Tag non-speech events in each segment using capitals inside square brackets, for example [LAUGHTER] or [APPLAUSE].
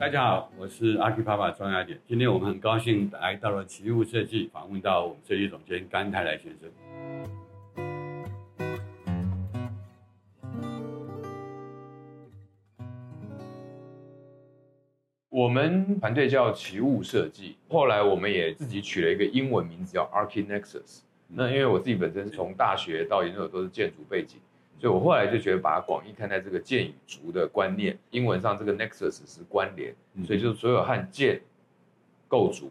大家好，我是 Archipapa 莊雅典。今天我們很高興來到了齊物設計，訪問到我們設計總監甘泰來先生。我們團隊叫齊物設計，後來我們也自己取了一個英文名字叫 Archi Nexus，嗯。那因為我自己本身從大學到研究所都是建築背景。所以我後來就覺得，把廣義看待這個“建與築的觀念，英文上這個 “nexus” 是關聯，所以就是所有和建、構築、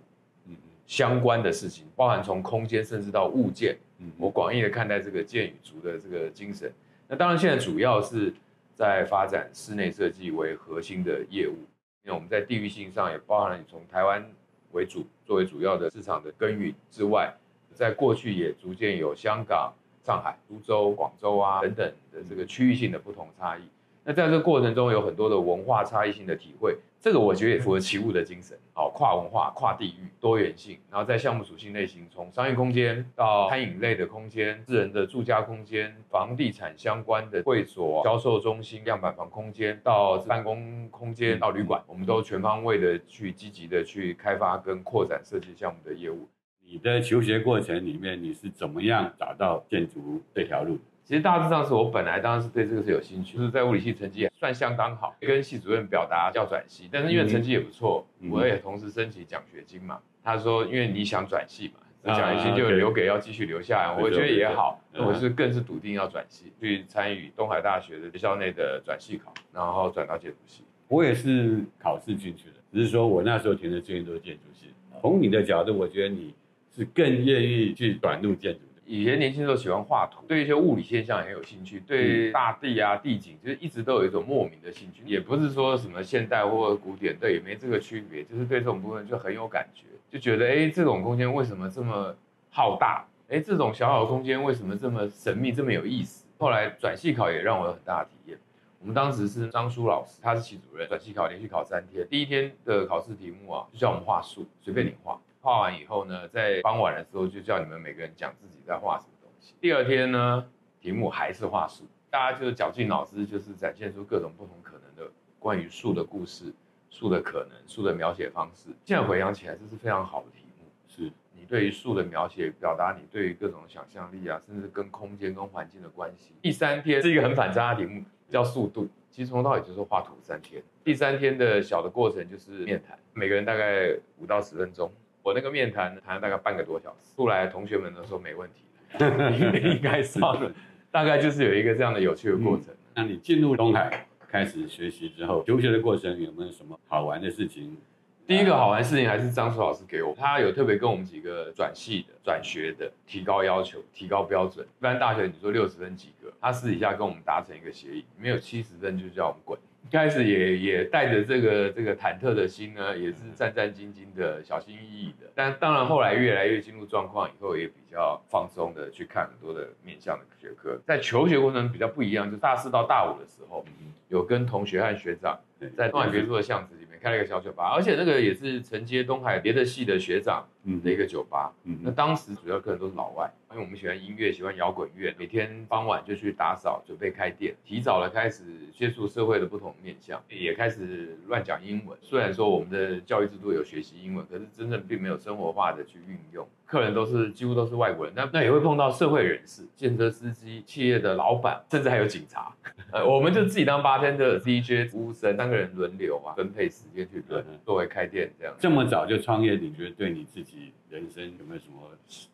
相關的事情，包含從空間甚至到物件，我廣義的看待這個“建與築的這個精神。那當然現在主要是在發展室內設計為核心的業務，因為我們在地域性上也包含你從台灣為主作為主要的市場的耕耘之外，在過去也逐漸有香港，上海、蘇州、廣州啊等等的這個區域性的不同差異，那在這個過程中有很多的文化差異性的體會，這個我覺得也符合齊物的精神，好、哦、跨文化、跨地域、多元性。然後在項目屬性類型，從商業空間到餐飲類的空間、私人的住家空間、房地產相關的會所、銷售中心、樣板房空間到辦公空間到旅館，我們都全方位的去積極的去開發跟擴展設計項目的業務。你的求學過程裡面，你是怎麼樣找到建築這條路的？其實大致上是我本來當然是對這個是有興趣，就是在物理系成績算相當好，跟系主任表達要轉系，但是因為成績也不錯，嗯嗯我也同時申請獎學金嘛。他說因為你想轉系嘛，那獎學金就留給要繼續留下來。啊、我覺得也好，我是更是篤定要轉系，嗯、去參與東海大學的學校內的轉系考，然後轉到建築系。我也是考試進去的，只是說我那時候填的志願都是建築系。從你的角度，我覺得你。是更願意去轉入建築的。對對以前年輕時候喜歡畫圖，對一些物理現象很有興趣，對大地啊、地景，就是一直都有一種莫名的興趣。也不是說什麼現代或古典，對，也沒這個區別，就是對這種部分就很有感覺，就覺得哎、欸，這種空間為什麼這麼浩大？哎、欸，這種小小的空間為什麼這麼神秘、這麼有意思？後來轉系考也讓我有很大的體驗。我們當時是張樞老師，他是系主任，轉系考連續考三天，第一天的考試題目啊，就叫我們畫樹，隨、嗯、便你畫。畫完以後呢，在傍晚的時候就叫你們每個人講自己在畫什麼東西。第二天呢，題目還是畫樹，大家就是絞盡腦汁，就是展現出各種不同可能的關於樹的故事、樹的可能、樹的描寫方式。現在回想起來，這是非常好的題目，是你對於樹的描寫，表達你對於各種想象力啊，甚至跟空間跟環境的關係。第三天是一個很反差的題目，叫速度，其實從頭到尾就是畫圖三天。第三天的小的過程就是面談，每個人大概五到十分鐘。我那個面談談了大概半個多小時，後來同學們都說沒問題， [LAUGHS] 應該算了。吧大概就是有一個這樣的有趣的過程、嗯。那你進入東海開始學習之後，求學的過程有沒有什麼好玩的事情？第一個好玩事情還是張樞老師給我，他有特別跟我們幾個轉系的、轉學的提高要求、提高標準，一般大學你說六十分及格，他私底下跟我們達成一個協議，沒有七十分就叫我們滾。開始也也帶着這個這個忐忑的心呢，也是戰戰兢兢的、小心翼翼的。但當然後來越來越進入狀況以後，也比較放鬆的去看很多的面向的學科。在求學過程比較不一樣，就大四到大五的時候，有跟同學和學長在東海別墅的巷子裡面開了一個小酒吧，而且那個也是承接東海別的系的學長。嗯、的一個酒吧，嗯哼，那當時主要客人都是老外，因為我們喜歡音樂，喜歡搖滾樂，每天傍晚就去打掃，準備開店，提早了開始接觸社會的不同面向，也開始亂講英文。嗯、雖然說我們的教育制度有學習英文，可是真正並沒有生活化的去運用。客人都是幾乎都是外國人，那那也會碰到社會人士、建設司機、企業的老闆，甚至還有警察。 [LAUGHS] 呃，我們就自己當 Bartender 的 DJ 服務生，三個人輪流啊，分配時間去輪、嗯、哼作為開店這樣子。這麼早就創業，你覺得對你自己？人生有沒有什麼？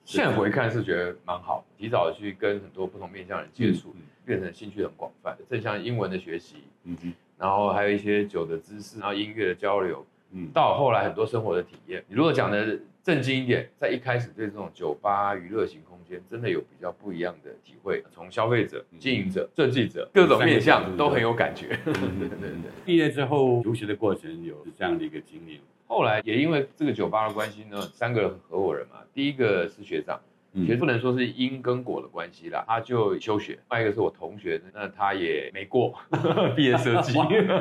現在回看是覺得蠻好，提早去跟很多不同面向的人接觸，變成興趣很廣泛。正像英文的學習，嗯，然後還有一些酒的知識，然後音樂的交流，嗯，到後來很多生活的體驗。你如果講的正經一點，在一開始對這種酒吧娛樂型空間，真的有比較不一樣的體會。從消費者、經營者、設計者，各種面向都很有感覺。對對對。畢業之後求學的過程有這樣的一個經歷。後來也因為這個酒吧的關係呢，三個合夥人嘛，第一個是學長，其實、嗯、不能說是因跟果的關係啦，他就休學。另一個是我同學，那他也沒過 [LAUGHS] [LAUGHS] 畢業設計。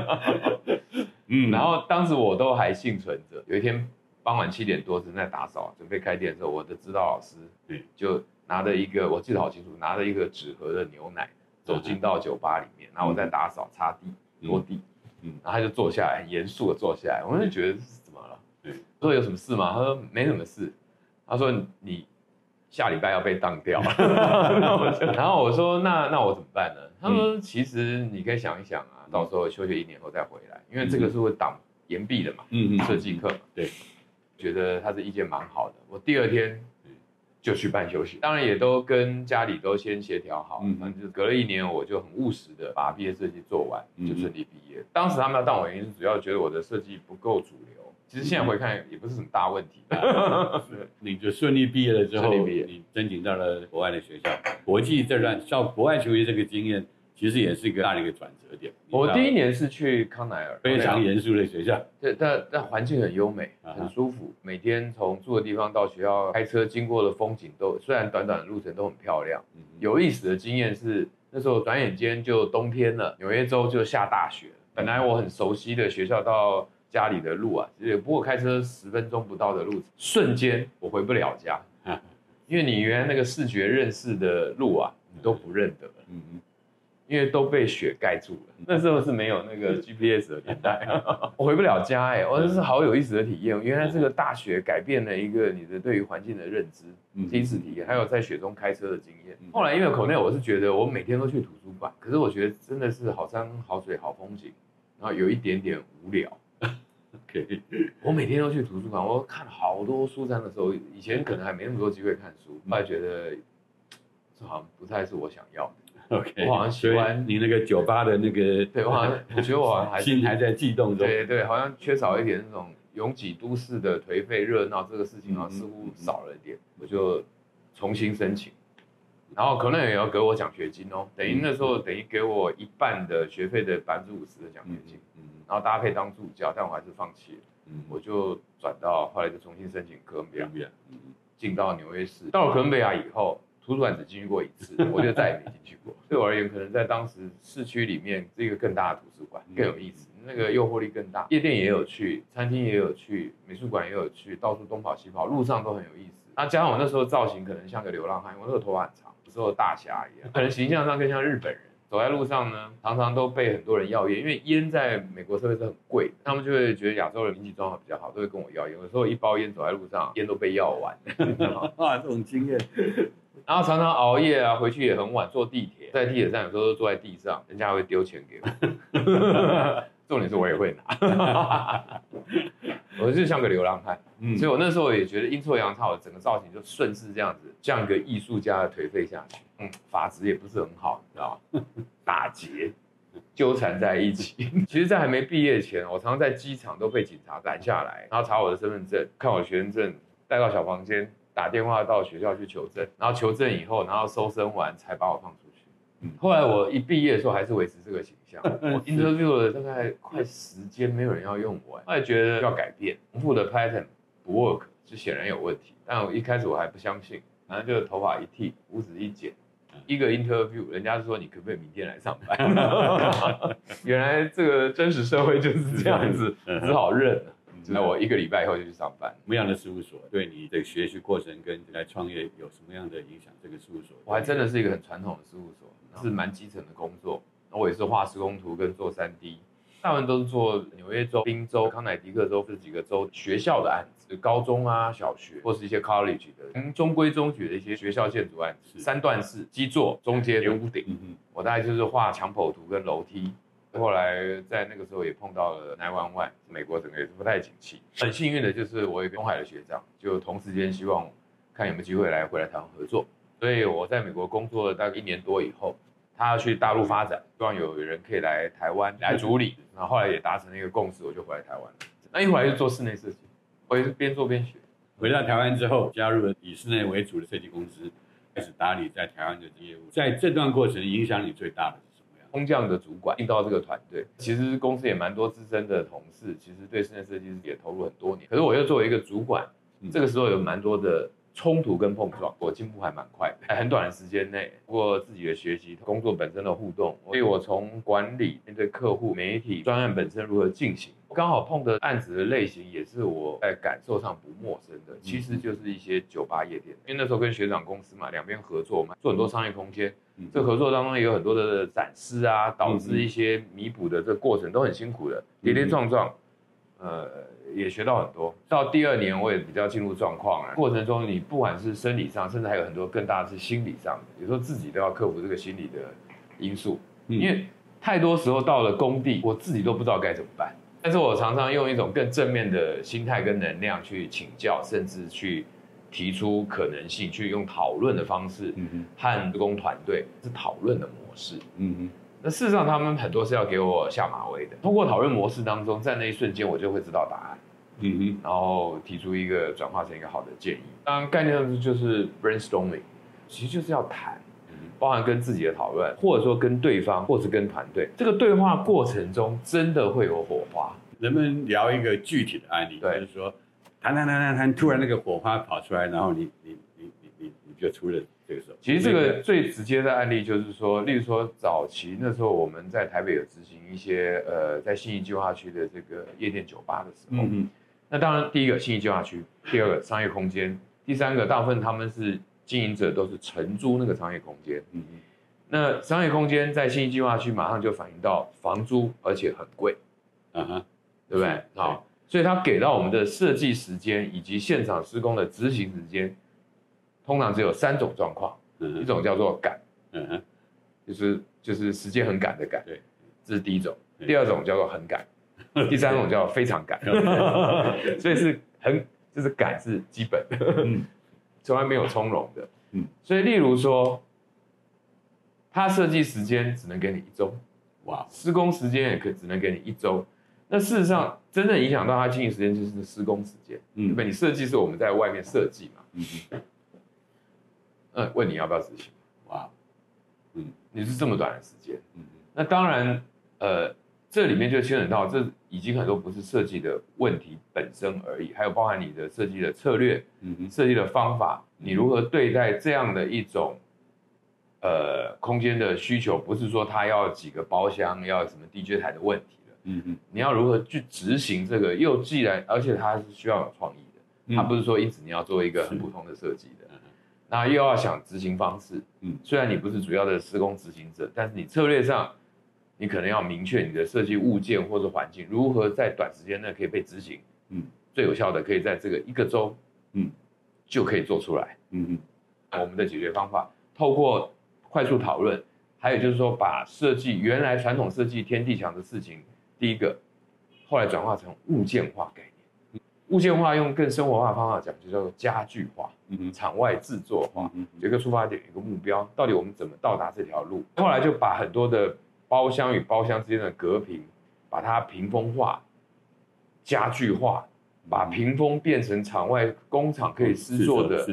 哇 [LAUGHS] 嗯，然後當時我都還幸存着。有一天傍晚七點多，正在打掃，準備開店的時候，我的指導老師，就拿着一個，我記得好清楚，拿着一個紙盒的牛奶的走進到酒吧裡面，然後我在打掃擦地落地嗯嗯，嗯，然後他就坐下來，很嚴肅的坐下來，我就覺得。嗯對說有什麼事嗎？他說沒什麼事，他說，你下禮拜要被當掉，啊 [LAUGHS] [LAUGHS] 然，然後我說那那我怎麼辦呢？他說、嗯、其實你可以想一想啊，到時候休學一年後再回來，因為這個是會擋延畢的嘛，嗯嗯，設計課，嗯、對，對覺得他的意見蠻好的。我第二天就去辦休息。當然也都跟家裡都先協調好，嗯，就是隔了一年，我就很務實的把畢業設計做完，嗯、就順利畢業。嗯、當時他們要當我，原因主要覺得我的設計不夠主流。其實現在回看也不是什麼大問題，你就順利畢業了之後，你申請到了國外的學校，國際這段到國外求學這個經驗，其實也是一個大的一個轉折點。我第一年是去康奈爾，非常嚴肅的學校，對，但但環境很優美，很舒服。啊、哈每天從住的地方到學校開車經過的風景都，雖然短短的路程都很漂亮。嗯、哼有意思的經驗是，那時候轉眼間就冬天了，紐約州就下大雪。本來我很熟悉的學校到家裡的路啊，也不過開車十分鐘不到的路，瞬間我回不了家，因為你原來那個視覺認識的路啊，你都不認得了，嗯嗯，因為都被雪蓋住了。那時候是沒有那個 GPS 的年代， [LAUGHS] 我回不了家哎、欸，我真是好有意思的體驗。原來這個大雪改變了一個你的對於環境的認知，第一次體驗，還有在雪中開車的經驗。後來因為口內，我是覺得我每天都去圖書館，可是我覺得真的是好山好水好風景，然後有一點點無聊。我每天都去圖書館，我看好多書。三的時候，以前可能還沒那麼多機會看書，後來覺得這好像不太是我想要的。OK，我好像喜歡你那個酒吧的那個。對我好像，我覺得我還心還在悸動中。對對，好像缺少一點那種擁擠都市的頹廢熱鬧，這個事情好像似乎少了一點。我就重新申請，然後可能也要給我獎學金哦，等於那時候等於給我一半的學費的百分之五十的獎學金。嗯。然後搭配當助教，但我還是放棄了。嗯、我就轉到後來就重新申請哥倫比亞，嗯嗯、進到紐約市。到了哥倫比亞以後，圖書館只進去過一次，我就再也沒進去過。 [LAUGHS] 對我而言，可能在當時市區裡面是一、這個更大的圖書館，更有意思，嗯、那個誘惑力更大。嗯、夜店也有去，餐廳也有去，美術館也有去，到處東跑西跑，路上都很有意思。那、啊、加上我那時候造型可能像個流浪漢，因為那個頭髮很長，有時候大俠一樣，可能形象上更像日本人。走在路上呢，常常都被很多人要煙，因為煙在美國特別是很貴，他們就會覺得亞洲人經濟狀況比較好，都會跟我要煙。有時候一包煙走在路上，煙都被要完，有有啊，這種經驗。然後常常熬夜啊，回去也很晚，坐地鐵，在地鐵站有時候都坐在地上，人家會丟錢給我。 [LAUGHS] 重點是我也會拿， [LAUGHS] [LAUGHS] 我是就像個流浪漢，嗯、所以我那時候也覺得陰錯陽差，我整個造型就順勢這樣子，像一個藝術家的頹廢下去，嗯，髮質也不是很好，你知道嗎？ [LAUGHS] 打結糾纏在一起。 [LAUGHS] 其實，在還沒畢業前，我常在機場都被警察攔下來，然後查我的身份證，看我學生證，帶到小房間，打電話到學校去求證，然後求證以後，然後搜身完才把我放出去。後來我一畢業的時候，還是維持這個形象。我 interview 了大概快時間，沒有人要用我，我也覺得要改變，重複的 pattern 不 work，是顯然有問題。但我一開始我還不相信，然後就頭髮一剃，鬍子一剪，一個 interview，人家說，你可不可以明天來上班？原來這個真實社會就是這樣子，只好認了。那我一個禮拜以後就去上班。什麼樣的事務所對你的學習過程跟你來創業有什麼樣的影響？這個事務所，我還真的是一個很傳統的事務所。是蠻基層的工作，然後我也是畫施工圖跟做三 D，大部分都是做紐約州、賓州、康乃狄克州這幾個州學校的案子，高中啊、小學或是一些 college 的，中規中矩的一些學校建築案子，是三段式基座、中間、屋頂、嗯，我大概就是畫牆剖圖跟樓梯。後來在那個時候也碰到了 nine one one，美國整個也是不太景氣，很幸運的就是我一個東海的學長，就同時間希望看有沒有機會來回來談合作，所以我在美國工作了大概一年多以後。他要去大陸發展，希望有人可以來台灣來主理。然後後來也達成一個共識，我就回來台灣了。那一回來就做室內設計，我也是邊做邊學。回到台灣之後，加入了以室內為主的設計公司，開始打理在台灣的業務。在這段過程，影響你最大的是什麼樣？空降的主管進到這個團隊，其實公司也蠻多資深的同事，其實對室內設計師也投入很多年。可是我又作為一個主管，這個時候有蠻多的。衝突跟碰撞，我進步還蠻快。欸，很短的時間內，通過自己的學習、工作本身的互動，所以我從管理、面對客戶、媒體、專案本身如何進行，剛好碰的案子的類型也是我在、欸、感受上不陌生的，其實就是一些酒吧、夜店，因為那時候跟學長公司嘛，兩邊合作嘛，做很多商業空間，這合作當中也有很多的展示啊，導致一些彌補的這個過程都很辛苦的，跌跌撞撞，呃。也學到很多。到第二年，我也比較進入狀況了。過程中，你不管是生理上，甚至還有很多更大的是心理上的，有時候自己都要克服這個心理的因素。嗯。因為太多時候到了工地，我自己都不知道該怎麼辦。但是我常常用一種更正面的心態跟能量去請教，甚至去提出可能性，去用討論的方式和，嗯哼，焊工團隊是討論的模式，嗯哼。那事實上，他們很多是要給我下馬威的。通過討論模式當中，在那一瞬間，我就會知道答案。嗯，然後提出一個轉化成一個好的建議。當然，概念上就是 brainstorming，其實就是要談，包含跟自己的討論，或者說跟對方，或者是跟團隊。這個對話過程中，真的會有火花。能不能聊一個具體的案例？對，就是說，談談談談談，突然那個火花跑出來，嗯、然後你你你你你你就出了這個時候。其實這個最直接的案例就是說，嗯、例如說早期那時候我們在台北有執行一些呃，在信義計劃區的這個夜店酒吧的時候。嗯那當然，第一個信義計劃區，第二個商業空間，第三個大部分他們是經營者，都是承租那個商業空間。嗯嗯哼。那商業空間在信義計劃區馬上就反映到房租，而且很貴。嗯哼，對不對？對，好，所以它給到我們的設計時間以及現場施工的執行時間，通常只有三種狀況。嗯哼一種叫做趕，嗯哼，就是就是時間很趕的趕。對。這是第一種，對第二種叫做很趕。 [LAUGHS] 第三種叫非常趕， [LAUGHS] [LAUGHS] 所以是很就是趕是基本的， [LAUGHS] 從來沒有從容的，嗯、所以例如說，他設計時間只能給你一周，哇，施工時間也可只能給你一周，那事實上、嗯、真正影響到他經營時間就是施工時間，嗯，你設計是我們在外面設計嘛，嗯，嗯，嗯問你要不要執行，哇、嗯，你是這麼短的時間，嗯，嗯那當然，呃。這裡面就牽扯到這已經很多不是設計的問題本身而已，還有包含你的設計的策略，嗯哼，設計的方法，嗯、哼你如何對待這樣的一種，呃，空間的需求，不是說他要幾個包廂，要什麼 DJ 台的問題了，嗯哼你要如何去執行這個？又既然而且它是需要有創意的，嗯、它不是說一直你要做一個很普通的設計的，嗯、那又要想執行方式，嗯，雖然你不是主要的施工執行者，嗯、但是你策略上。你可能要明確你的設計物件或者環境如何在短時間內可以被執行，嗯，最有效的可以在這個一個周，嗯，就可以做出來，嗯嗯，我們的解決方法透過快速討論，還有就是說把設計原來傳統設計天地牆的事情，第一個，後來轉化成物件化概念，物件化用更生活化方法講，就叫做家具化，場外制作化，有一個出發點，一個目標，到底我們怎麼到達這條路？後來就把很多的。包廂與包廂之間的隔屏，把它屏風化、家具化，把屏風變成場外工廠可以製作的，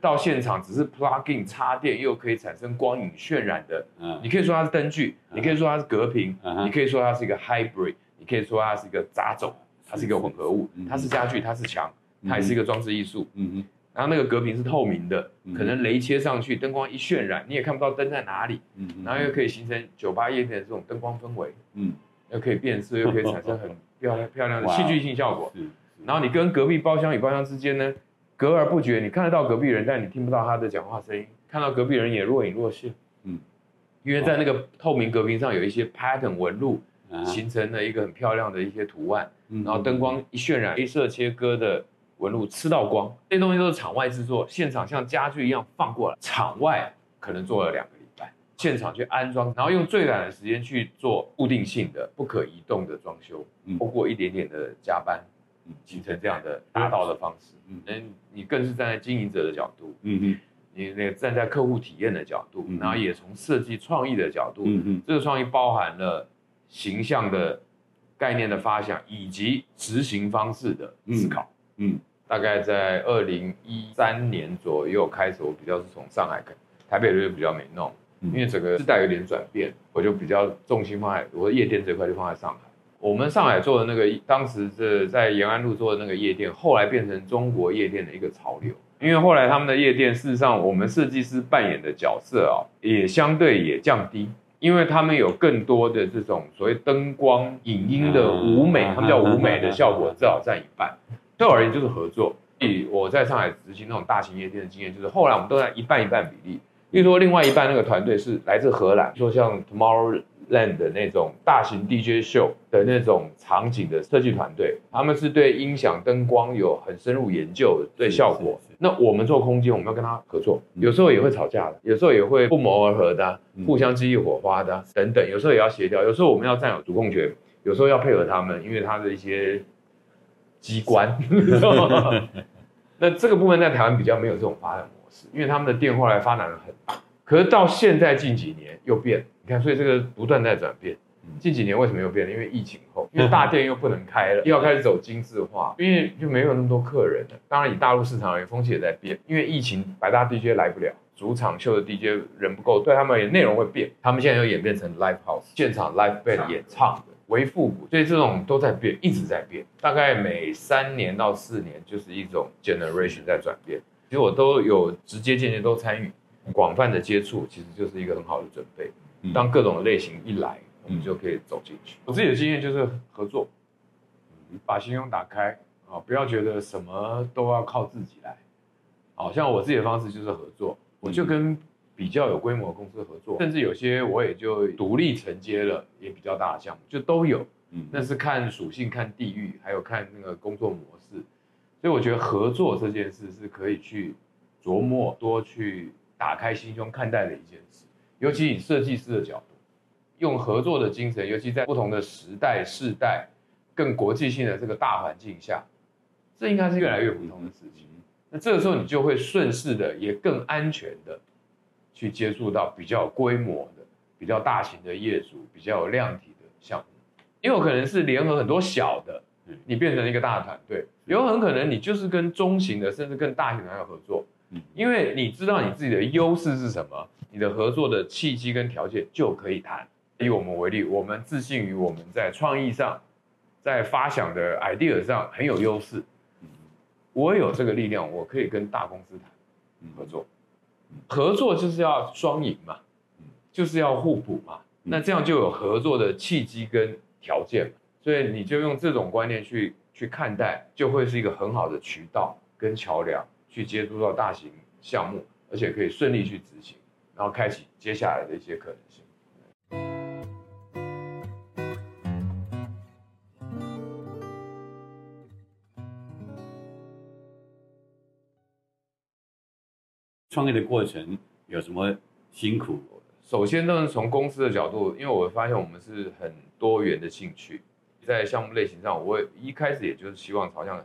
到現場只是 plug in 插電又可以產生光影渲染的。嗯、你可以說它是燈具，啊、你可以說它是隔屏，啊、你可以說它是一個 hybrid，你可以說它是一個雜種，它是一個混合物，是是是嗯、它是家具，它是牆，它也是一個裝置藝術、嗯。嗯嗯。然後那個隔屏是透明的，可能雷切上去，嗯、哼燈光一渲染，你也看不到燈在哪裡。嗯、哼然後又可以形成酒吧夜店的這種燈光氛圍。嗯，又可以變色，又可以產生很漂亮、 [LAUGHS] 漂亮的戲劇性效果。是，然後你跟隔壁包廂與包廂之間呢，隔而不絕，你看得到隔壁人，但你聽不到他的講話聲音，看到隔壁人也若隱若現。嗯，因為在那個透明隔屏上有一些 pattern 紋路，啊、形成了一個很漂亮的一些圖案。嗯、哼然後燈光一渲染，雷射切割的。紋路吃到光，這些東西都是場外制作，現場像家具一樣放過來，場外可能做了兩個禮拜，現場去安裝，然後用最短的時間去做固定性的、不可移動的裝修，通過、嗯、一點點的加班，嗯，形成這樣的達到的方式。嗯，你更是站在經營者的角度，嗯哼你那個站在客戶體驗的角度，嗯、哼然後也從設計創意的角度，嗯哼這個創意包含了形象的概念的發想以及執行方式的思考。嗯嗯，大概在二零一三年左右開始，我比較是從上海開，台北的就比較沒弄，嗯、因為整個時代有點轉變，我就比較重心放在我的夜店這塊，就放在上海。我們上海做的那個，當時這在延安路做的那個夜店，後來變成中國夜店的一個潮流。因為後來他們的夜店，事實上我們設計師扮演的角色啊、喔，也相對也降低，因為他們有更多的這種所謂燈光、影音的舞美，他們叫舞美的效果至少佔一半。對我而言就是合作。以我在上海執行那種大型夜店的經驗，就是後來我們都在一半一半比例。例如說，另外一半那個團隊是來自荷蘭，說像 Tomorrowland 的那種大型 DJ show 的那種場景的設計團隊，他們是對音響、燈光有很深入研究，對效果。是是是是那我們做空間，我們要跟他合作，有時候也會吵架的，有時候也會不謀而合的、啊，嗯、互相激起火花的、啊、等等。有時候也要協調，有時候我們要佔有主控權，有時候要配合他們，因為他的一些。機關， [LAUGHS] [LAUGHS] [LAUGHS] 那這個部分在台灣比較沒有這種發展模式，因為他們的店後來發展了很大，可是到現在近幾年又變，你看，所以這個不斷在轉變。近幾年為什麼又變了？因為疫情後，因為大店又不能開了，又要開始走精緻化，因為就沒有那麼多客人了。當然，以大陸市場而言，風氣也在變，因為疫情，百大 DJ 來不了，主場秀的 DJ 人不夠，對他們的內容會變，他們現在又演變成 live house，現場 live band 演唱的。為復古，所以這種都在變，一直在變。大概每三年到四年，就是一種 generation 在轉變。其實我都有直接間接都參與，廣泛的接觸，其實就是一個很好的準備。當各種類型一來，我們就可以走進去。嗯、我自己的經驗就是合作，把心胸打開啊，不要覺得什麼都要靠自己來。好像我自己的方式就是合作，嗯、我就跟比較有規模的公司合作，甚至有些我也就獨立承接了也比較大的項目，就都有，嗯，那是看屬性、看地域，還有看那個工作模式，所以我覺得合作這件事是可以去琢磨、多去打開心胸看待的一件事，尤其以設計師的角度，用合作的精神，尤其在不同的時代、世代、更國際性的這個大環境下，這應該是越來越普通的事情。那這個時候你就會順勢的，也更安全的。去接觸到比較規模的、比較大型的業主、比較有量體的項目，也有可能是聯合很多小的，對你變成一個大團隊。是有很可能你就是跟中型的，甚至跟大型的還要合作，因為你知道你自己的優勢是什麼，你的合作的契機跟條件就可以談。以我們為例，我們自信於我們在創意上，在發想的 idea 上很有優勢，我有這個力量，我可以跟大公司談合作。嗯合作就是要雙贏嘛，嗯、就是要互補嘛，嗯、那這樣就有合作的契機跟條件嘛，所以你就用這種觀念去去看待，就會是一個很好的渠道跟橋樑，去接觸到大型項目，而且可以順利去執行，然後開啟接下來的一些可能。創業的過程有什麼辛苦？首先呢，從公司的角度，因為我發現我們是很多元的興趣，在項目類型上，我一開始也就是希望朝向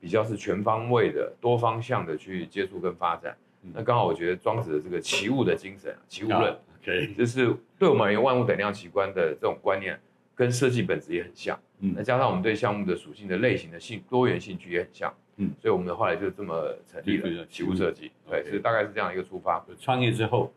比較是全方位的、多方向的去接觸跟發展。嗯、那剛好我覺得莊子的這個齊物的精神、齊物論，啊 okay、就是對我們而言萬物等量齊觀的這種觀念，跟設計本質也很像。嗯、那加上我們對項目的屬性的類型的性多元興趣也很像。嗯，所以我們的後來就這麼成立了，齊物設計。對，所以大概是這樣一個出發。創業之後，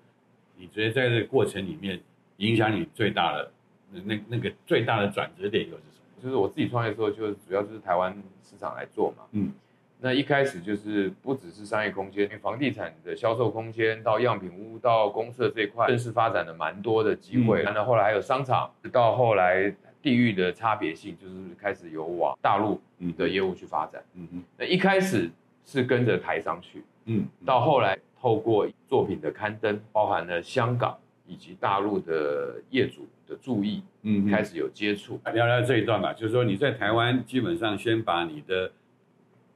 你覺得在這個過程裡面，影響你最大的、嗯、那那個最大的轉折點又是什麼？就是我自己創業的時候，就主要就是台灣市場來做嘛。嗯，那一開始就是不只是商業空間，因為房地產的銷售空間到樣品屋到公社這一塊，正式、嗯、發展的蠻多的機會。那、嗯、後後來還有商場，到後來。地域的差別，性就是開始有往大陸的業務去發展。嗯嗯，那一開始是跟着台商去，嗯，到後來透過作品的刊登，包含了香港以及大陸的業主的注意，嗯，開始有接觸，嗯嗯啊，聊聊這一段吧，就是說你在台灣基本上先把你的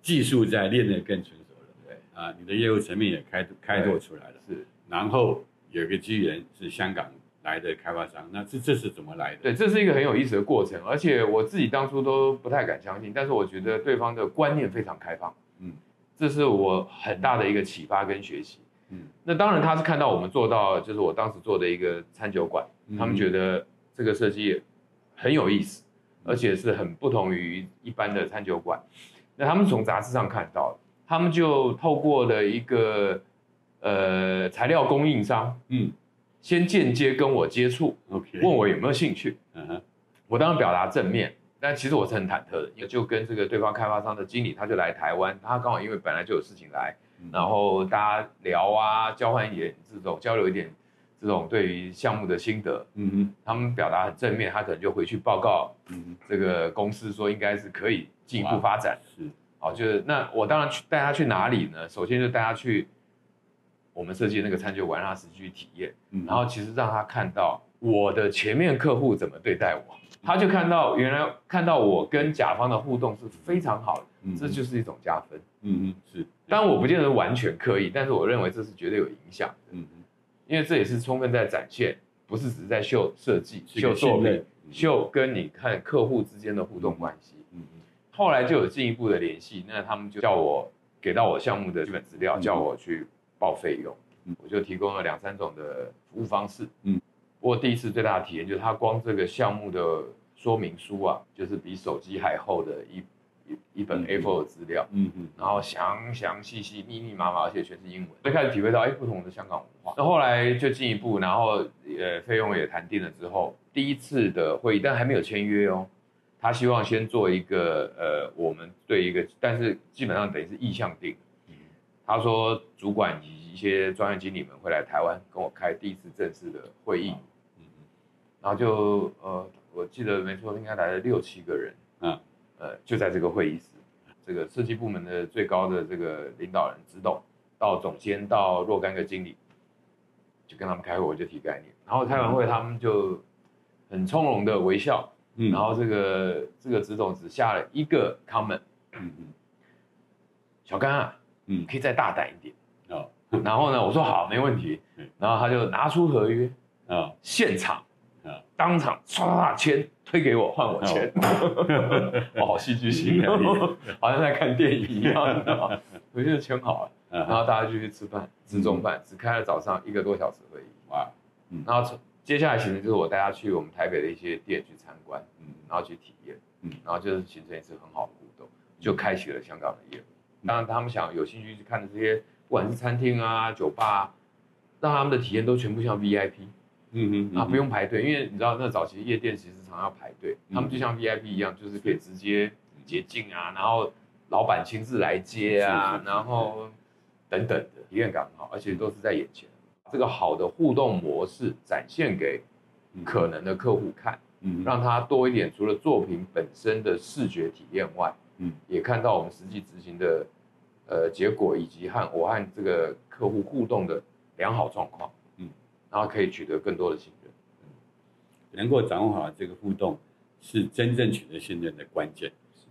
技術在練得更成熟了，對，啊，你的業務層面也開開拓出來了，是，然後有一個機緣是香港，來的開發商，那這這是怎麼來的？對，這是一個很有意思的過程，而且我自己當初都不太敢相信，但是我覺得對方的觀念非常開放，嗯，這是我很大的一個啟發跟學習，嗯，那當然他是看到我們做到，就是我當時做的一個餐酒館，他們覺得這個設計很有意思，而且是很不同於一般的餐酒館，那他們從雜誌上看到，他們就透過了一個呃材料供應商，嗯。先間接跟我接觸，Okay 問我有沒有興趣。Uh huh、我當然表達正面，但其實我是很忐忑的。因為就跟這個對方開發商的經理，他就來台灣，他剛好因為本來就有事情來，嗯、然後大家聊啊，交換一點這種交流一點這種對於項目的心得。嗯哼，他們表達很正面，他可能就回去報告這個公司說應該是可以進一步發展。是，好，就是那我當然去帶他去哪裡呢？嗯、首先就帶他去。我們設計那個餐，就玩那時去體驗，然後其實讓他看到我的前面客戶怎麼對待我，他就看到原來看到我跟甲方的互動是非常好的，這就是一種加分，嗯嗯是，當然我不見得完全可以，但是我認為這是絕對有影響的，嗯，因為這也是充分在展現，不是只是在秀設計、秀作品、秀跟你看客戶之間的互動關係，嗯，後來就有進一步的聯繫，那他們就叫我給到我項目的基本資料，叫我去。報費用，嗯、我就提供了兩三種的服務方式。嗯，我第一次最大的體驗就是他光這個項目的說明書啊，就是比手機還厚的一一,一本 Apple 資料。嗯嗯，然後詳詳細細細、密密麻麻，而且全是英文。我開始體會到誒不同的香港文化。那後，後來就進一步，然後呃，費用也談定了之後，第一次的會議，但還沒有簽約哦。他希望先做一個呃，我們對一個，但是基本上等於是意向定。他說：“主管以及一些專業經理們會來台灣跟我開第一次正式的會議，嗯嗯，然後就呃，我記得沒錯，應該來了六七個人，嗯，啊、呃，就在這個會議室，這個設計部門的最高的這個領導人直董到總監到若干個經理，就跟他們開會，我就提概念。然後開完會，他們就很從容的微笑，嗯，然後這個這個直董只下了一個 comment，嗯嗯，小甘啊。”嗯，可以再大膽一點啊。然後呢，我說好，沒問題。然後他就拿出合約啊，現場啊，當場唰唰簽，推給我換我簽。我好戲劇性啊，好像在看電影一樣。回去就簽好了，然後大家就去吃飯，吃中飯，只開了早上一個多小時會議。哇，嗯。然後接下來行程就是我帶他去我們台北的一些店去參觀，然後去體驗，嗯，然後就是形成一次很好的互動，就開啟了香港的業務。當然，他們想有興趣去看的這些，不管是餐廳啊、嗯、酒吧，讓他們的體驗都全部像 VIP，嗯嗯啊，不用排隊，因為你知道那早期夜店其實常常要排隊，嗯、哼他們就像 VIP 一樣，就是可以直接捷徑以啊，然後老闆親自來接啊，嗯、然後等等的體驗感很好，而且都是在眼前，嗯、哼這個好的互動模式展現給可能的客戶看，嗯哼，讓他多一點除了作品本身的視覺體驗外，嗯哼，也看到我們實際執行的。呃，結果以及和我、和這個客戶互動的良好狀況，嗯，然後可以取得更多的信任，嗯、能夠掌握好這個互動，是真正取得信任的關鍵是，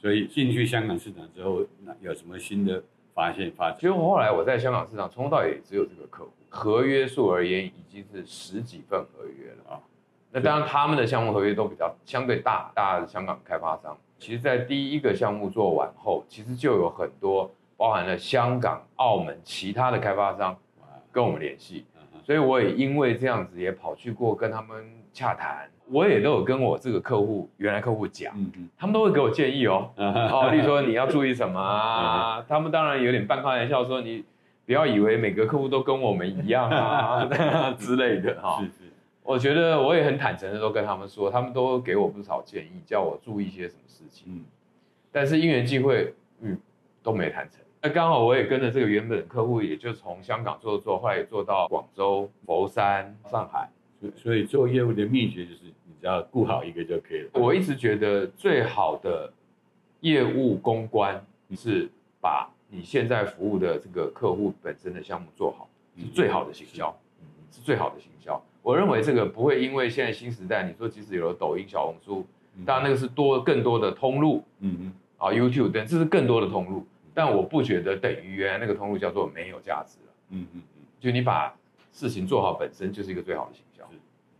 所以進去香港市場之後，有什麼新的發現、發展？其實後來我在香港市場從頭到尾也只有這個客戶合約數而言，已經是十幾份合約了啊。好那當然他們的項目合約都比較相對大，大的香港開發商。其實，在第一個項目做完後，其實就有很多包含了香港、澳門其他的開發商跟我們聯繫，wow. uh huh. 所以我也因為這樣子也跑去過跟他們洽談，uh huh. 我也都有跟我這個客戶原來客戶講，uh huh. 他們都會給我建議哦、喔，哦、例如、huh. 說你要注意什麼，啊？Uh huh. 他們當然有點半開玩笑說你不要以為每個客戶都跟我們一樣啊、uh huh. 之類的哈。我覺得我也很坦誠的都跟他們說，他們都給我不少建議，叫我注意一些什麼事情。嗯，但是因緣際會，嗯，都沒談成。那剛好我也跟着這個原本客戶，也就從香港做做，後來也做到廣州、佛山、上海。所以，所以做業務的秘訣就是，你只要顧好一個就可以了。我一直覺得最好的業務公關是把你現在服務的這個客戶本身的項目做好，嗯，是最好的行銷，嗯，是最好的行銷。我認為這個不會因為現在新時代，你說即使有了抖音、小紅書，嗯、哼當然那個是多更多的通路，嗯嗯哼，啊、oh, YouTube 等，這是更多的通路，嗯、哼但我不覺得等於原來那個通路叫做沒有價值了嗯嗯哼嗯，就你把事情做好本身就是一個最好的行銷是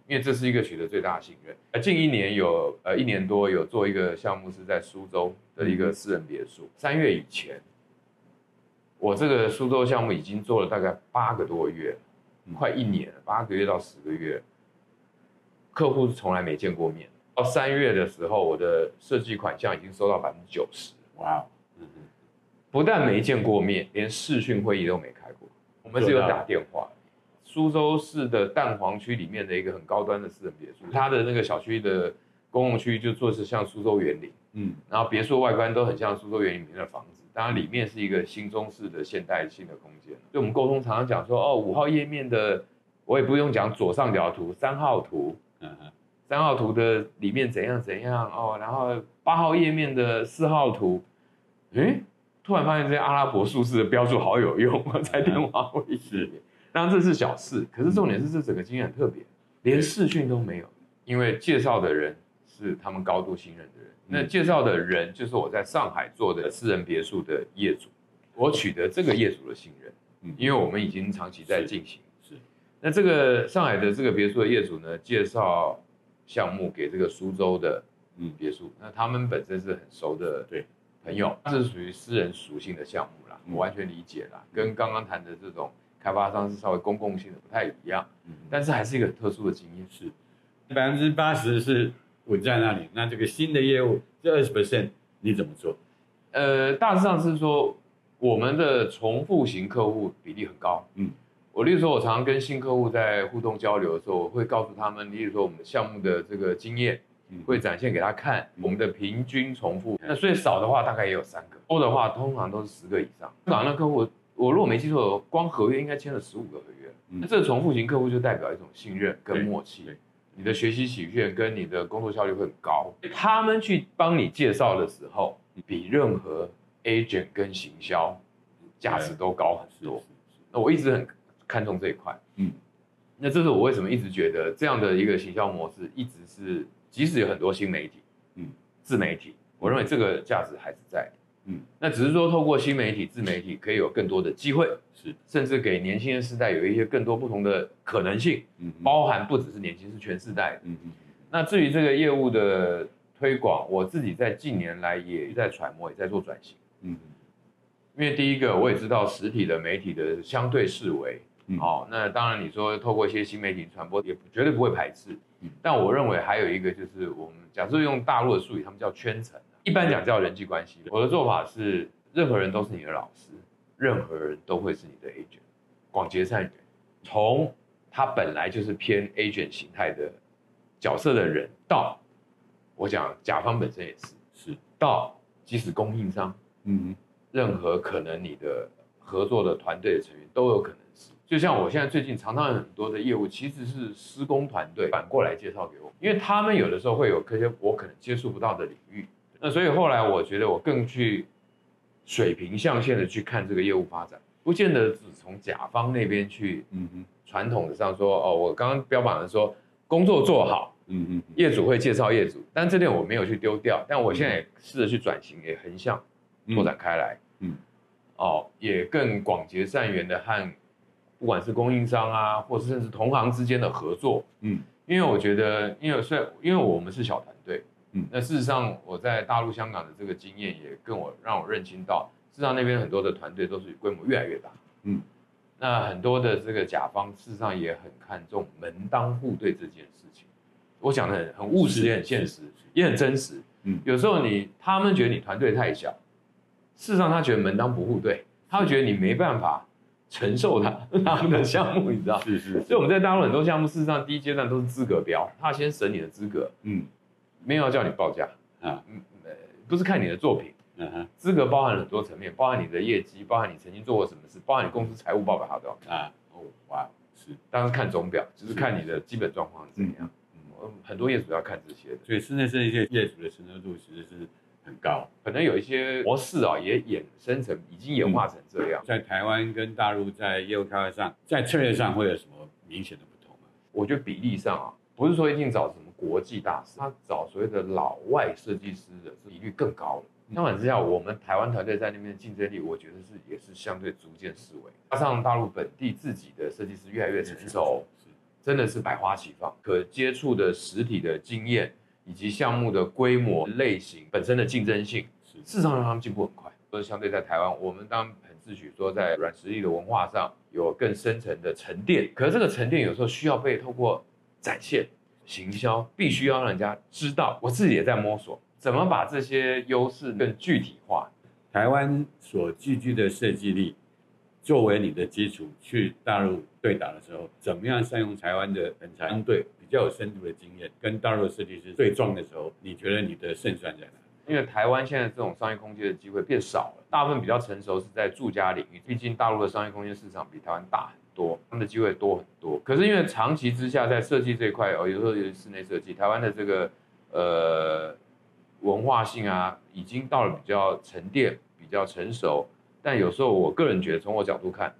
因為這是一個取得最大信任。近一年有呃一年多有做一個項目是在蘇州的一個私人別墅，三月以前，我這個蘇州項目已經做了大概八個多月。嗯、快一年了，八個月到十個月，客戶是從來沒見過面。到三月的時候，我的設計款項已經收到百分之九十。哇，wow, 嗯嗯，不但沒見過面，連視訊會議都沒開過。我們是有打電話。蘇州市的蛋黃區裡面的一個很高端的私人別墅，它的那個小區的公共區域就做是像蘇州園林。嗯，然後別墅外觀都很像蘇州園林裡面的房子。當然裡面是一個新中式的現代性的空間。就我們溝通常常講說，哦，五號頁面的，我也不用講左上角圖，三號圖，嗯哼，三號圖的裡面怎樣怎樣哦，然後八號頁面的四號圖，哎、欸，突然發現這些阿拉伯數字的標注好有用，我在電話位置裡。當然這是小事，可是重點是這整個經驗很特別，連視訊都沒有，因為介紹的人。是他們高度信任的人，那介紹的人就是我在上海做的私人別墅的業主，我取得這個業主的信任，嗯，因為我們已經長期在進行，是，是那這個上海的這個別墅的業主呢，介紹項目給這個蘇州的別墅，那他們本身是很熟的對朋友，對這是屬於私人屬性的項目啦，我完全理解啦，跟剛剛談的這種開發商是稍微公共性的不太一樣，嗯，但是還是一個很特殊的經驗是。百分之八十是。穩在那裡，那這個新的業務這二十 percent 你怎麼做？呃，大致上是說，我們的重複型客戶比例很高。嗯，我例如說，我常常跟新客戶在互動交流的時候，我會告訴他們，例如說我們項目的這個經驗，嗯、會展現給他看。我們的平均重複，嗯、那最少的話大概也有三個，多的話通常都是十個以上。通常那那客戶，我如果沒記錯，光合約應該簽了十五個合約。嗯、那這個重複型客戶就代表一種信任跟默契。欸欸你的學習曲線跟你的工作效率會很高。他們去幫你介紹的時候，比任何 agent 跟行銷價值都高很多。那我一直很看重這一塊。嗯，那這是我為什麼一直覺得這樣的一個行銷模式，一直是即使有很多新媒體，嗯，自媒體，我認為這個價值還是在。嗯、那只是說透過新媒體、自媒體，可以有更多的機會，是的，甚至給年輕人世代有一些更多不同的可能性。嗯、哼包含不只是年輕，是全世代的。嗯嗯哼那至於這個業務的推廣，我自己在近年來也在揣摩，也在做轉型。嗯、哼因為第一個，我也知道實體的媒體的相對式微、嗯哼哦、那當然你說透過一些新媒體傳播，也絕對不會排斥。嗯、哼但我認為還有一個就是，我們假設用大陸的術語，他們叫圈層。一般講叫人際關係的。我的做法是，任何人都是你的老師，任何人都會是你的 Agent，廣結善緣。從他本來就是偏 Agent 形態的角色的人，到我講甲方本身也是是，到即使供應商，嗯哼，任何可能你的合作的團隊的成員都有可能是。就像我現在最近常常有很多的業務其實是施工團隊反過來介紹給我，因為他們有的時候會有一些我可能接觸不到的領域。那所以後來，我覺得我更去水平象限的去看這個業務發展，不見得只從甲方那邊去。嗯哼，傳統的上說，哦，我剛剛標榜的說工作做好，嗯嗯業主會介紹業主，但這點我沒有去丟掉。但我現在也試着去轉型，也橫向拓展開來。嗯，哦，也更廣結善緣的和不管是供應商啊，或是甚至同行之間的合作。嗯，因為我覺得，因為雖然因為我們是小團隊。嗯，那事實上，我在大陸、香港的這個經驗也跟我讓我認清到，事實上那邊很多的團隊都是規模越來越大。嗯，那很多的這個甲方事實上也很看重門當戶對這件事情。我講得很很務實，是也很現實，也很真實。嗯，有時候你他們覺得你團隊太小，事實上他覺得門當不戶對，他覺得你沒辦法承受他他們的項目，是你知道？是是。是是，所以我們在大陸很多項目，事實上第一階段都是資格標，他先審你的資格。嗯。沒有要叫你報價啊，不是看你的作品，嗯哼，資格包含很多層面，包含你的業績，包含你曾經做過什麼事，包含你公司財務報表，好多啊，哦哇，是，當然看總表，只是看你的基本狀況怎麼樣，嗯，很多業主要看這些，所以現在這些業主的承受度其實是很高，可能有一些模式啊，也衍生成，已經演化成這樣，在台灣跟大陸在業務開發上，在策略上會有什麼明顯的不同嗎？我覺得比例上啊，不是說一定找什麼。國際大師，他找所謂的老外設計師的機率更高的。相反之下，我們台灣團隊在那邊的競爭力，我覺得是也是相對逐漸式微。加上大陸本地自己的設計師越來越成熟，是真的是百花齊放，是可接觸的實體的經驗以及項目的規模、類型本身的競爭性，是事實上讓他們進步很快。所以相對在台灣，我們當然很自詡說在軟實力的文化上有更深層的沉澱，可是這個沉澱有時候需要被透過展現。行銷必須要讓人家知道，我自己也在摸索怎麼把這些優勢更具體化。台灣所具居的設計力，作為你的基礎，去大陸對打的時候，怎麼樣善用台灣的人才？相對比較有深度的經驗，跟大陸設計師對撞的時候，你覺得你的勝算在哪？因為台灣現在這種商業空間的機會變少了，大部分比較成熟是在住家領域，畢竟大陸的商業空間市場比台灣大。多，他們的機會多很多。可是因為長期之下，在設計這一塊，哦，有時候有時室內設計，台灣的這個呃文化性啊，已經到了比較沉澱、比較成熟。但有時候我個人覺得，從我角度看，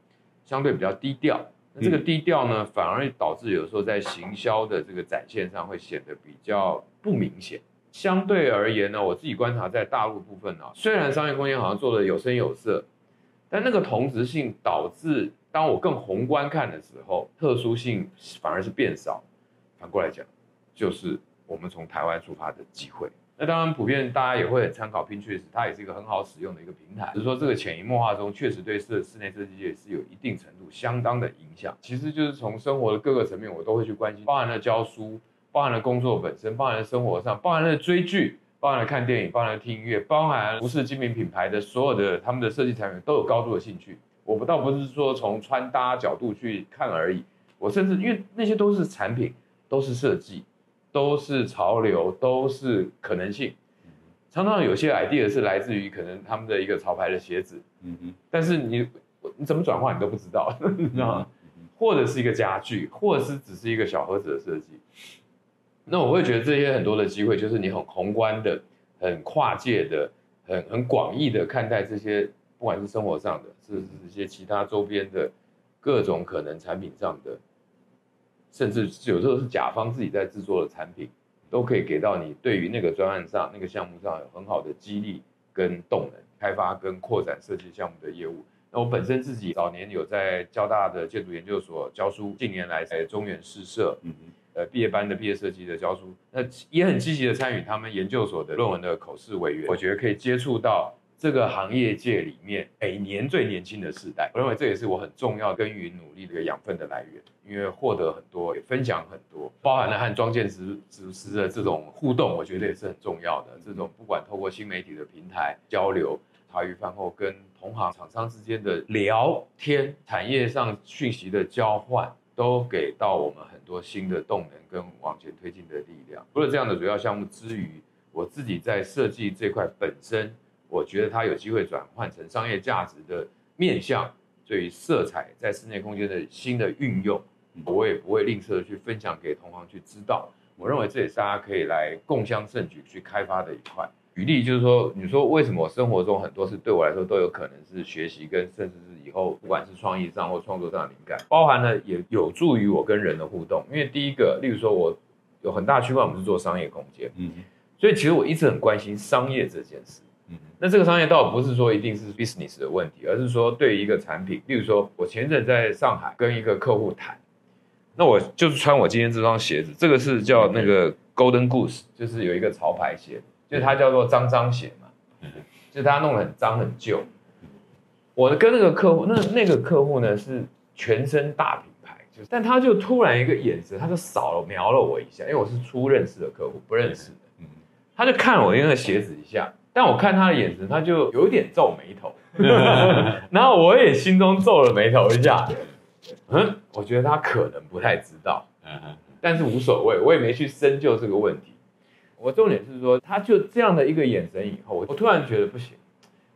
相對比較低調。那這個低調呢，嗯、反而導致有時候在行銷的這個展現上，會顯得比較不明顯。相對而言呢，我自己觀察在大陸部分呢，雖然商業空間好像做得有聲有色。但那個同質性導致，當我更宏觀看的時候，特殊性反而是變少。反過來講，就是我們從台灣出發的機會。那當然，普遍大家也會很參考 Pinterest，它也是一個很好使用的一個平台。只、嗯、是說，這個潛移默化中，確實對室室內設計也是有一定程度相當的影響。其實就是從生活的各個層面，我都會去關心。包含了教書，包含了工作本身，包含了生活上，包含了追劇。包含看電影，包含聽音樂，包含不是精品品牌的所有的他們的設計產品都有高度的興趣。我不倒不是說從穿搭角度去看而已，我甚至因為那些都是產品，都是設計，都是潮流，都是可能性。常常有些 idea 是來自於可能他們的一個潮牌的鞋子，嗯、哼但是你你怎麼轉化你都不知道， [LAUGHS] 你知道嗎？嗯、哼或者是一個家具，或者是只是一個小盒子的設計。那我會覺得這些很多的機會，就是你很宏觀的、很跨界的、很很廣義的看待這些，不管是生活上的，是這些其他周邊的各種可能產品上的，甚至有時候是甲方自己在制作的產品，都可以給到你對於那個專案上、那個項目上有很好的激勵跟動能開發跟擴展設計項目的業務。那我本身自己早年有在交大的建築研究所教書，近年來在中原室設，嗯。呃，畢業班的畢業設計的教書，那也很積極的參與他們研究所的論文的口試委員。我覺得可以接觸到這個行業界裡面每、欸、年最年輕的世代。我認為這也是我很重要跟於努力的養分的來源，因為獲得很多，也分享很多，包含了和莊建直直師的這種互動，我覺得也是很重要的。這種不管透過新媒體的平台交流，茶餘飯後跟同行廠商之間的聊天，產業上訊息的交換，都給到我們很多新的動能跟往前推進的力量。除了這樣的主要項目之餘，我自己在設計這塊本身，我覺得它有機會轉換成商業價值的面向，對於色彩在室內空間的新的運用，我也不會吝嗇去分享給同行去知道。我認為這也是大家可以來共襄盛舉去開發的一塊。舉例就是說，你說為什麼生活中很多事對我來說都有可能是學習，跟甚至是以後不管是創意上或創作上的靈感，包含了也有助於我跟人的互動。因為第一個，例如說我有很大區塊，我們是做商業空間，嗯哼，所以其實我一直很關心商業這件事。嗯哼，那這個商業倒不是說一定是 business 的問題，而是說對於一個產品，例如說我前陣在上海跟一個客戶談，那我就是穿我今天這雙鞋子，這個是叫那個 Golden Goose，就是有一個潮牌鞋。就是他叫做髒髒鞋嘛，就他弄得很髒很舊。我跟那個客戶，那那個客戶呢是全身大品牌，就但他就突然一個眼神，他就掃了瞄了我一下，因為我是初認識的客戶，不認識的，他就看我那個鞋子一下，但我看他的眼神，他就有點皺眉頭， [LAUGHS] [LAUGHS] 然後我也心中皺了眉頭一下，嗯，我覺得他可能不太知道，但是無所謂，我也沒去深究這個問題。我重點是說，他就這樣的一個眼神以後，我突然覺得不行，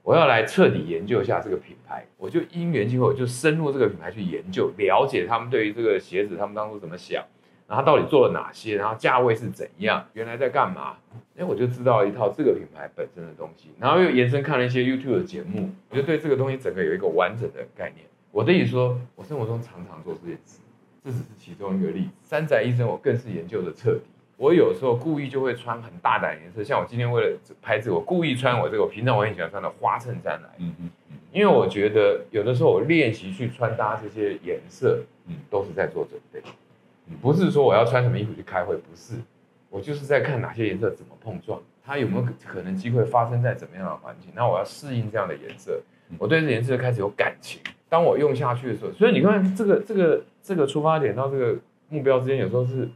我要來徹底研究一下這個品牌。我就因緣際會，我就深入這個品牌去研究，了解他們對於這個鞋子，他們當初怎麼想，然後他到底做了哪些，然後價位是怎樣，原來在幹嘛？哎，我就知道了一套這個品牌本身的東西，然後又延伸看了一些 YouTube 的節目，我就對這個東西整個有一個完整的概念。我的意思說，我生活中常常做這些事，這只是其中一個例子。三宅一生，我更是研究的徹底。我有時候故意就會穿很大膽顏色，像我今天為了拍子，我故意穿我這個我平常我很喜歡穿的花襯衫來，嗯嗯因為我覺得有的時候我練習去穿搭這些顏色，嗯，都是在做準備，不是說我要穿什麼衣服去開會，不是，我就是在看哪些顏色怎麼碰撞，它有沒有可能機會發生在怎麼樣的環境，那我要適應這樣的顏色，我對這顏色開始有感情。當我用下去的時候，所以你看這個這個這個出發點到這個目標之間，有時候是。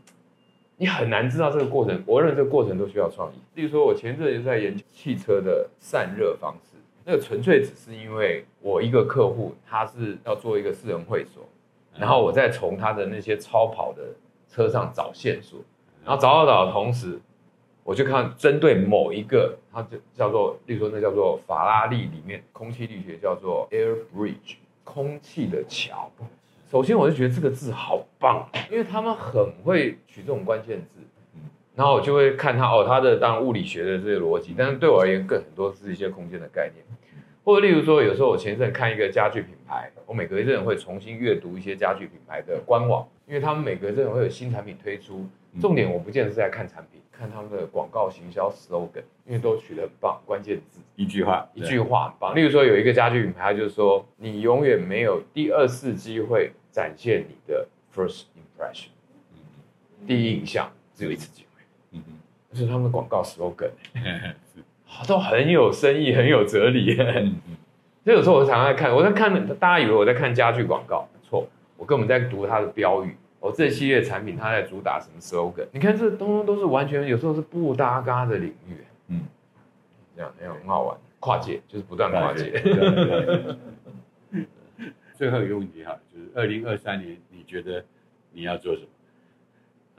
你很難知道這個過程，我認為這個過程都需要創意。例如說，我前陣子也在研究汽車的散熱方式，那個純粹只是因為我一個客戶他是要做一個私人會所，然後我再從他的那些超跑的車上找線索，然後找到，找的同時我就看針對某一個，他就叫做，例如說那叫做法拉利裡面空氣力學叫做 air bridge，空氣的橋。首先，我就覺得這個字好棒，因為他們很會取這種關鍵字，嗯，然後我就會看他哦，他的當物理學的這些邏輯，但是對我而言，更很多是一些空間的概念，或者例如說，有時候我前一陣看一個家具品牌，我每隔一陣會重新閱讀一些家具品牌的官網，因為他們每隔一陣會有新產品推出，重點我不見得是在看產品。看他們的廣告行銷 slogan，因為都取得很棒關鍵字，一句話，一句話很棒。對例如說，有一個家具品牌，就是說，你永遠沒有第二次機會展現你的 first impression，、嗯、哼第一印象、嗯、哼只有一次機會，嗯嗯哼，這是他們的廣告 slogan，好、欸， [LAUGHS] 是都很有深意，很有哲理、欸，這所以有時候我常常在看，我在看，大家以為我在看家具廣告，錯，我根本在讀他的標語。我、哦、這系列產品，它在主打什麼 slogan？、嗯、你看，這通通都是完全有時候是不搭嘎的領域。嗯，這樣，那樣很好玩，跨界、嗯、就是不斷跨界。最後一個問題哈，就是二零二三年，你覺得你要做什麼？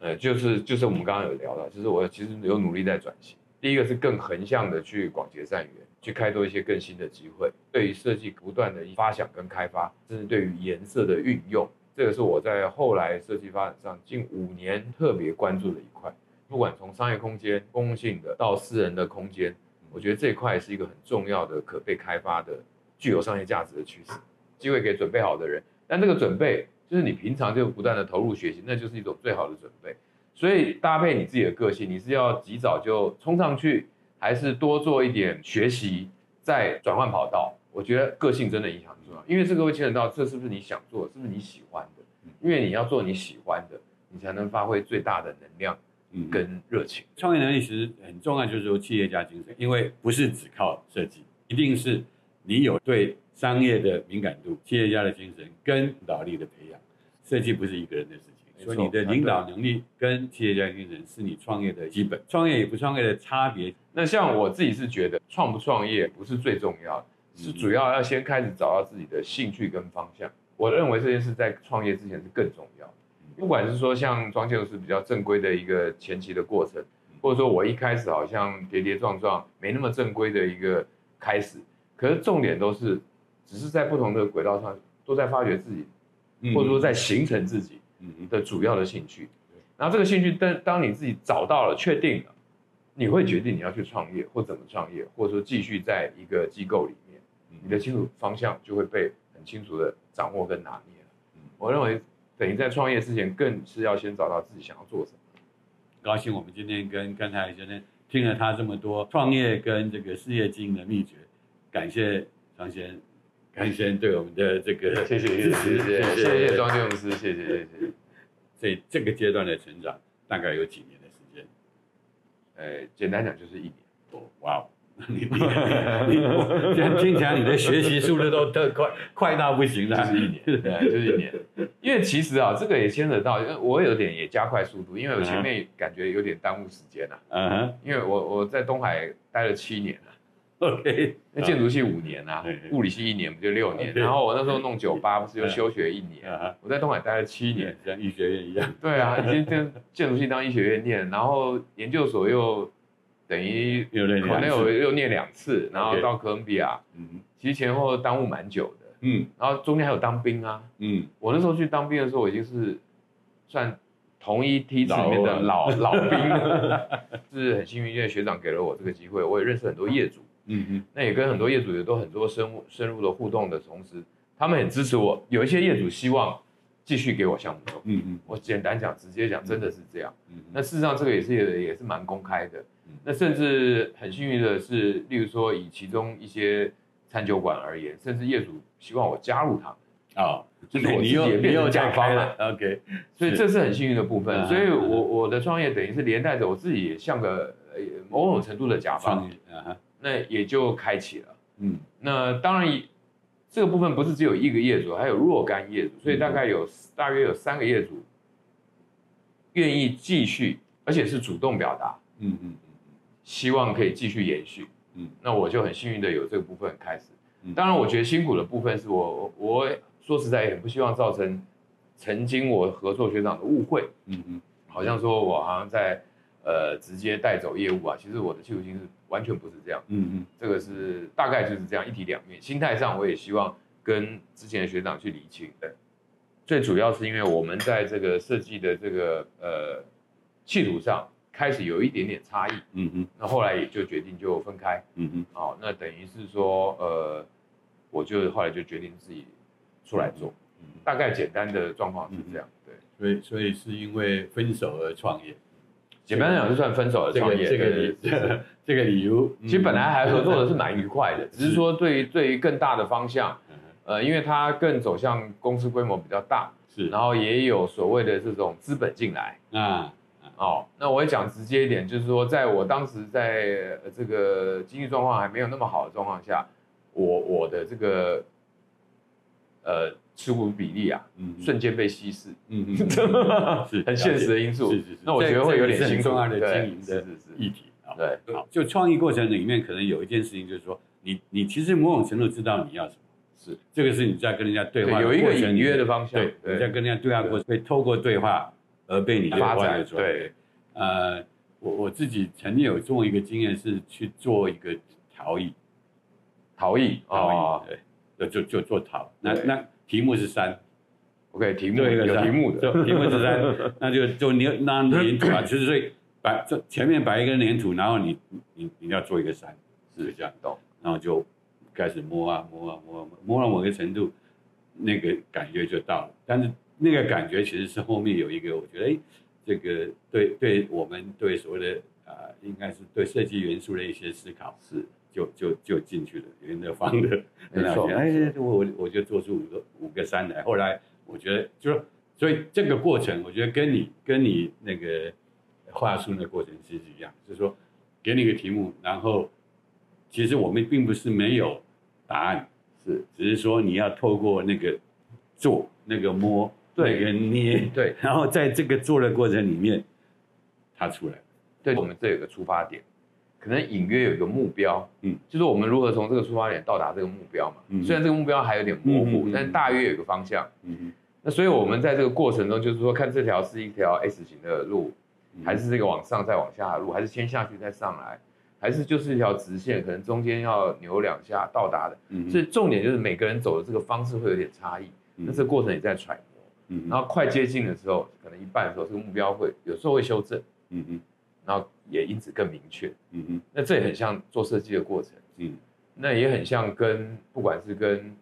呃、就是就是我們剛剛有聊到，就是我其實有努力在轉型。第一個是更橫向的去廣結善緣，去開拓一些更新的機會。對於設計，不斷的發想跟開發，甚至對於顏色的運用。這個是我在後來設計發展上近五年特別關注的一塊，不管從商業空間、公共性的到私人的空間，我覺得這一塊是一個很重要的可被開發的、具有商業價值的趨勢機會，給準備好的人。但這個準備就是你平常就不斷地投入學習，那就是一種最好的準備。所以搭配你自己的個性，你是要及早就衝上去，還是多做一點學習再轉換跑道？我覺得個性真的影響很重要，因為這個會牽扯到這是不是你想做，是不是你喜歡的？嗯、因為你要做你喜歡的，你才能發揮最大的能量跟熱情。嗯、創業能力其實很重要，就是說企業家精神，因為不是只靠設計，一定是你有對商業的敏感度、嗯、企業家的精神跟領導力的培養。設計不是一個人的事情，沒錯，所以你的領導能力跟企業家精神是你創業的基本。嗯、創業與不創業的差別，那像我自己是覺得創不創業不是最重要的。是主要要先開始找到自己的興趣跟方向。我認為這件事在創業之前是更重要的。不管是說像裝修是比較正規的一個前期的過程，或者說我一開始好像跌跌撞撞沒那麼正規的一個開始，可是重點都是只是在不同的軌道上都在發掘自己，或者說在形成自己的主要的興趣。然後這個興趣，但當你自己找到了、確定了，你會決定你要去創業或怎麼創業，或者說繼續在一個機構裡。嗯、你的清楚方向就會被很清楚的掌握跟拿捏了嗯，我認為等於在創業之前，更是要先找到自己想要做什麼。很高興我們今天跟甘泰來先生聽了他這麼多創業跟這個事業經營的秘訣，感謝張先生，感謝先生對我們的這個謝謝謝謝，謝謝莊建築師，謝謝謝謝。這這個階段的成長大概有幾年的時間、欸？簡單講就是一年多，哇。你你 [LAUGHS] 你，你聽起來你的學習速度都特快， [LAUGHS] 快到不行了，就是一年？對，就是一年。 [LAUGHS] 因為其實啊，這個也牽扯到，因為我有點也加快速度，因為我前面感覺有點耽誤時間了、啊。嗯、啊、因為我我在東海待了七年 OK，那建築系五年啊，物理系一年，不就六年？然後我那時候弄酒吧，不是就休學一年？我在東海待了七年、啊，像醫學院一樣。對啊，已經建建築系當醫學院念，然後研究所又。等於可能有又念兩次，兩次，然後到哥倫比亞，其實前後耽誤蠻久的，嗯，然後中間還有當兵啊，嗯，我那時候去當兵的時候，我已經是算同一梯次裡面的老老、啊、老兵了， [LAUGHS] 是很幸運，因為學長給了我這個機會，我也認識很多業主，嗯哼那也跟很多業主也都很多深入深入的互動的同時，他們很支持我，有一些業主希望繼續給我項目做，嗯嗯，我簡單講，直接講，真的是這樣，嗯，那事實上，這個也是也是蠻公開的，那甚至很幸運的是，例如說以其中一些餐酒館而言，甚至業主希望我加入他們啊，就是我自己變甲方了，OK。所以這是很幸運的部分，所以我我的創業等於是連帶着我自己也像個某種程度的甲方，那也就開啟了，嗯，那當然這個部分不是只有一個業主，還有若干業主，所以大概有、嗯、哼大約有三個業主願意繼續，而且是主動表達，嗯嗯哼嗯，希望可以繼續延續，嗯，那我就很幸運的有這個部分開始。當然，我覺得辛苦的部分是我，我，我說實在也很不希望造成曾經我合作學長的誤會，嗯嗯哼，好像說我好像在。呃，直接帶走業務啊，其實我的企圖心是完全不是這樣。嗯嗯哼，這個是大概就是這樣一體兩面。心態上，我也希望跟之前的學長去理清。對，最主要是因為我們在這個設計的這個呃企圖上開始有一點點差異。嗯嗯哼，那後來也就決定就分開。嗯嗯哼，好，那等於是說呃，我就後來就決定自己出來做。嗯哼大概簡單的狀況是這樣。嗯、哼對，所以所以是因為分手而創業。簡單講，就算分手的創業這個業這個、呃、這個理由，其實本來還合作的是蠻愉快的，嗯、只是說對於是對於更大的方向，呃，因為它更走向公司規模比較大，是，然後也有所謂的這種資本進來。那、嗯嗯、哦，那我講直接一點，就是說，在我當時在這個經濟狀況還沒有那麼好的狀況下，我我的這個呃。持股比例啊，嗯，瞬間被稀釋，嗯嗯，是，很現實的因素，是是是。那我覺得會有點形心的經營，是是是，議題啊，對，好，就創意過程裡面，可能有一件事情就是說，你你其實某種程度知道你要什麼，是，這個是你在跟人家對話有一個隱約的方向，對，你在跟人家對話過程會透過對話而被你發展，對，呃，我我自己曾經有這麼一個經驗是去做一個陶藝。陶藝，陶藝，對，就，就，做做陶，那那。題目是山，OK，題目一個，一個題目的，就 [LAUGHS] 題目是山，那就就你，那黏土啊，就是所以擺這前面擺一個黏土，然後你你你要做一個山，是這樣，然後就開始摸啊摸啊摸，啊摸啊，摸到某個程度，那個感覺就到了。但是那個感覺其實是後面有一個，我覺得哎、欸，這個對對我們對所謂的啊、呃，應該是對設計元素的一些思考是。就就就進去了，因為那方的沒錯，哎，我我我就做出五個五個三來。後來我覺得，就說，所以這個過程，我覺得跟你跟你那個畫出的過程其實一樣，嗯、就是說，給你個題目，然後其實我們並不是沒有答案，是，只是說你要透過那個做、那個摸、對跟捏對，對，然後在這個做的過程裡面，它出來。對我們這有個出發點。可能隱約有一個目標，嗯，就是我們如何從這個出發點到達這個目標嘛。嗯，雖然這個目標還有點模糊，但大約有一個方向。嗯，那所以我們在這個過程中，就是說看這條是一條 S 型的路，還是這個往上再往下的路，還是先下去再上來，還是就是一條直線，可能中間要扭兩下到達的。嗯，所以重點就是每個人走的這個方式會有點差異。嗯，那這個過程也在揣摩。嗯，然後快接近的時候，可能一半的時候，這個目標會有時候會修正。嗯嗯，然後。也因此更明確，嗯哼。嗯，那這也很像做設計的過程。嗯，那也很像跟不管是跟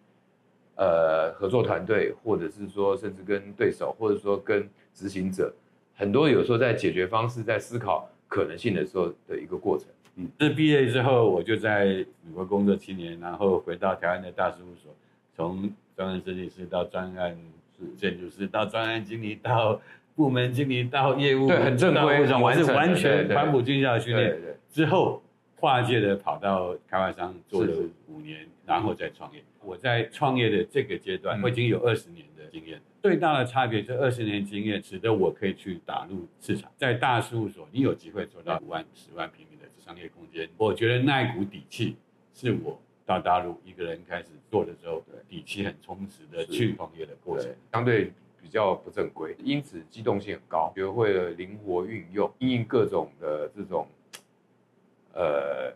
呃合作團隊，或者是說甚至跟對手，或者說跟執行者，很多有時候在解決方式，在思考可能性的時候的一個過程。嗯，是畢業之後，我就在美國工作七年，然後回到台灣的大事務所，從專案設計師到專案建築師，到專案經理到。部門經理到業務，對，很正規，也是完全黃埔軍校的訓練之後，跨界的跑到開發商做了五年，是是，然後再創業。嗯、我在創業的這個階段，我已經有二十年的經驗。最、嗯、大的差別是二十年經驗，使得我可以去打入市場。在大事務所，你有機會做到五萬、十萬平米的商業空間。我覺得那一股底氣，是我到大陸一個人開始做的時候，對底氣很充實的去創業的過程，對，相對。比較不正規，因此機動性很高，學會了靈活運用，因應各種的這種呃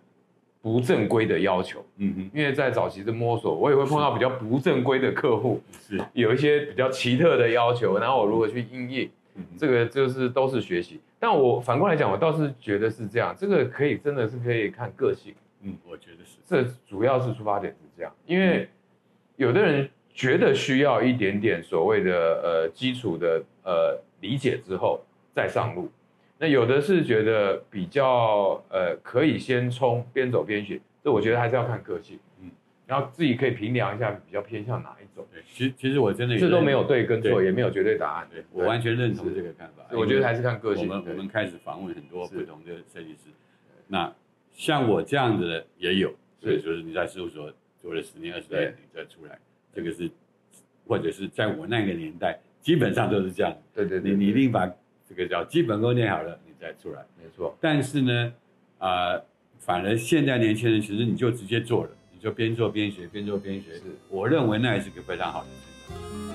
不正規的要求。嗯哼因為在早期的摸索，我也會碰到比較不正規的客戶，是，是有一些比較奇特的要求，然後我如何去應應？嗯、哼這個就是都是學習。但我反過來講，我倒是覺得是這樣，這個可以真的是可以看個性。嗯、我覺得是，這主要是出發點是這樣，因為有的人。覺得需要一點點所謂的呃基礎的呃理解之後再上路，那有的是覺得比較呃可以先衝邊走邊學，這我覺得還是要看個性，嗯，然後自己可以評量一下比較偏向哪一種。其實其實我真的這都沒有對跟錯，也沒有絕對答案。我完全認同這個看法。我覺得還是看個性。我們我們開始訪問很多不同的設計師，那像我這樣子的也有，是就是你在事務所做了十年二十年，你再出來。這個是，或者是在我那個年代，基本上都是這樣。對對對，對，你你一定把這個叫基本功練好了，你再出來。沒錯。但是呢，啊、呃，反而現代年輕人其實你就直接做了，你就邊做邊學，邊做邊學。是我認為那也是個非常好的選